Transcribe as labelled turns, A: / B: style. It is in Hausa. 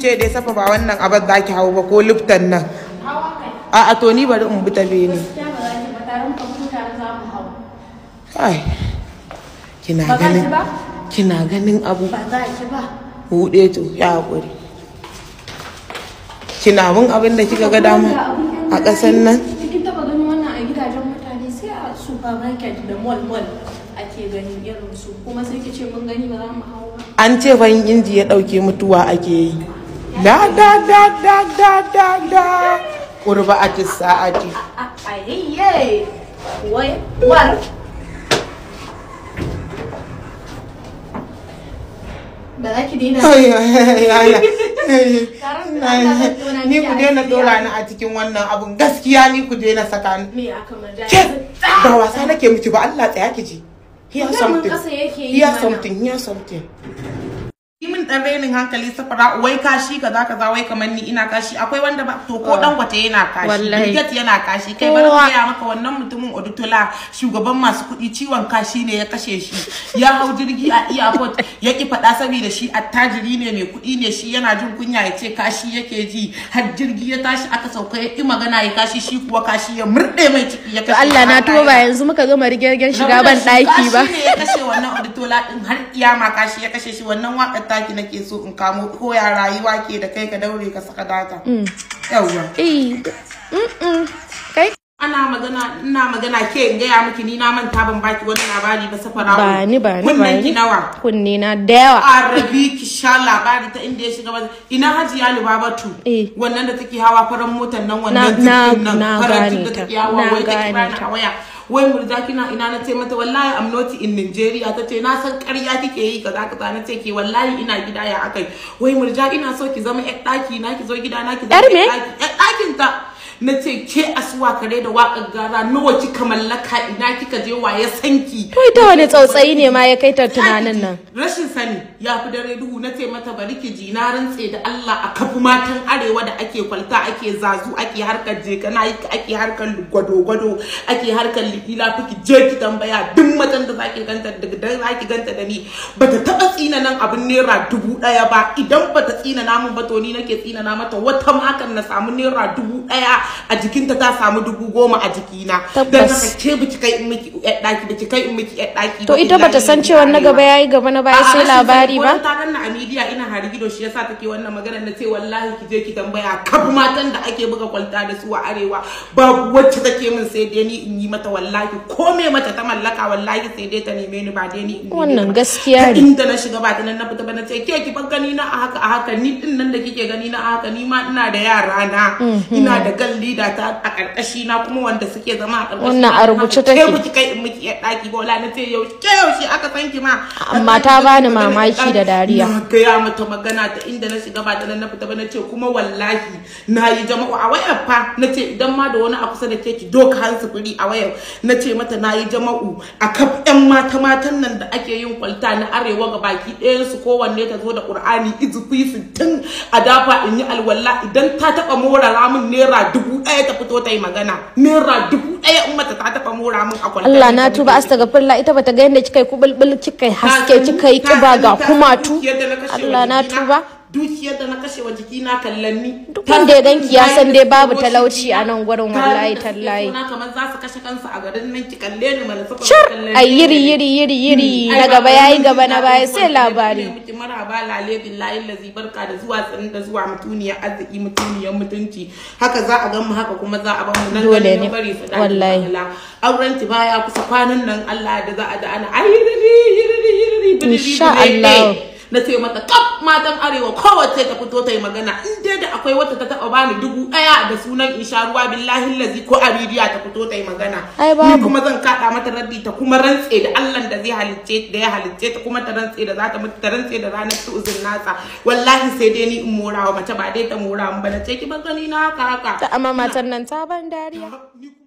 A: ce dai safa ba wannan abar za ki hau ba ko liftan nan a a toni bari in bi ta ne kina ganin kina ganin abu ba za ki ba bude to ya hakuri kina mun abin da kika ga dama a kasan nan kin taba ganin wannan a gidajen mutane sai a supermarket da mall mall ake ganin irin su kuma sai ki ce mun gani ba za mu hawo an ce ban inji ya dauke mutuwa ake yi da da da da da da da kurba a sa'ati ayye wai war ba za ki ni ku daina dora ni a cikin wannan abun gaskiya ni ku daina saka ni ba wasa nake miki ba Allah tsaya ki ji hear something hear something hear something dan renin hankali safara wai kashi kaza kaza wai kamar ni ina kashi akwai wanda ba to ko dan gwate yana kashi Bilget yana kashi kai bari mu ya maka wannan mutumin Odutola shugaban masu kuɗi ciwon kashi ne ya kashe shi ya hau jirgi a airport ya ki faɗa saboda shi attajiri ne mai kuɗi ne shi yana jin kunya ya ce kashi yake ji har jirgi ya tashi aka sauka ya ki magana ya kashi shi kuwa kashi ya murde mai ciki ya kashe Allah na tuba ba yanzu muka gama rigirgen shiga ban ɗaki ba kashi ne ya kashe wannan Odutola din har iyama kashi ya kashe shi wannan waƙar taki nake so in kamo ko ya rayuwa ke da kai ka daure ka saka data mm. yawwa eh, ana magana ina magana ke in gaya miki ni na manta ban baki wani labari ba safara ba ni ba ni ba ki nawa kunne na da yawa arabi ki sha labari ta inda ya shiga ba ina hajiya libabatu eh. wannan da take hawa faran motar nan wannan tikin nan faran da take hawa wai take bani a waya wai murza kina ina na ce mata wallahi I'm not in Nigeria ta ce na san ƙarya kike yi kaza kaza na ce ke wallahi ina gida ya akai wai murja ina so ki zama ƴar ɗaki na ki zo gida na ki zama ƴar ɗaki ƴar ɗakin ta na ce ke asuwa kare da wakar gara nawa kika mallaka ina kika je wa ya sanki to ita wani tsautsayi ne ma ya kai ta tunanin nan rashin sani ya fi dare duhu na ce mata bari ki ji na rantse da Allah a kafi matan arewa da ake kwalta ake zazu ake harkar jeka na ake harkar gwado-gwado ake harkar likila fiki je ki tambaya duk matan da zaki ganta da zaki ganta da ni bata taba tsina nan abin naira dubu daya ba idan bata tsina namun ba to ni nake tsina na mata wata makan na samu naira dubu daya a jikinta ta samu dubu goma a jikina don haka ke biki kai in miki yar daki biki kai in miki yar daki to ita bata san cewa na gaba yayi gaba na baya sai labari ba ta ganna a media ina gido shi yasa take wannan magana na ce wallahi ki je ki tambaya kab matan da ake buga kwalta da su a arewa babu wacce take min sai dai ni in yi mata wallahi ko me mata ta mallaka wallahi sai dai ta neme ni ba dai ni wannan gaskiya ne inda na shiga ba ta nan na fita ba na ce ke ki gani na a haka a haka ni din nan da kike gani na a haka ni ma ina da yara na mm, ina mm. da gal social leader ta a karkashi na kuma wanda suke zama a ƙarƙashi wannan a rubuce take ke kai in miki ya daki wala na ce yau ke shi aka san ki ma amma ta bani mamaki da dariya na gaya mata magana ta inda na shiga ba da na fita ba na ce kuma wallahi na yi jama'a a wayar fa na ce idan ma da wani a kusa da ke ki doka hansu kuri a wayar na ce mata na yi jama'u a kaf yan mata matan nan da ake yin kwalta na arewa ga baki ɗayan su kowanne ta zo da qur'ani izufi sittin a dafa in yi alwala idan ta taba morara min naira dubu dubu ɗaya ta fito ta yi magana naira dubu ɗaya in mata ta tafa mora min a Allah na tuba ita bata ga yadda kika yi kubulbul kika yi haske kika yi kiba ga kumatu Allah na tuba dukiyar da na kashe wa jiki na kallanni duk wanda ya danki ya san dai babu talauci a nan gurin wallahi tallahi na kamar za su kashe kansu a garin nan ki kalle ni mana ai yiri yiri yiri yiri hmm. na gaba yayi gaba na baya sai labari maraba lale billahi lazi barka da zuwa tsanin da zuwa mutuniyar arziki mutuniyar mutunci haka za a gan mu haka kuma za a ba mu nan dole ne wallahi auren ti baya kusa kwanan nan Allah da za a da ana ayyiri yiri yiri bidiri Allah eh. na ce mata kaf matan arewa kowace ta fito ta magana in dai da akwai wata ta taba bani dubu ɗaya da sunan in sha ruwa billahi lazi ko abidiya ta fito ta yi magana ni kuma zan kaɗa mata rabbi ta kuma rantse da Allah da zai halicce da ya halicce ta kuma ta rantse da za ta mutu ta rantse da ranar su uzun nasa wallahi sai dai ni in mora wa mace ba dai ta mora ba na ce ki na haka haka amma matan nan ta ban dariya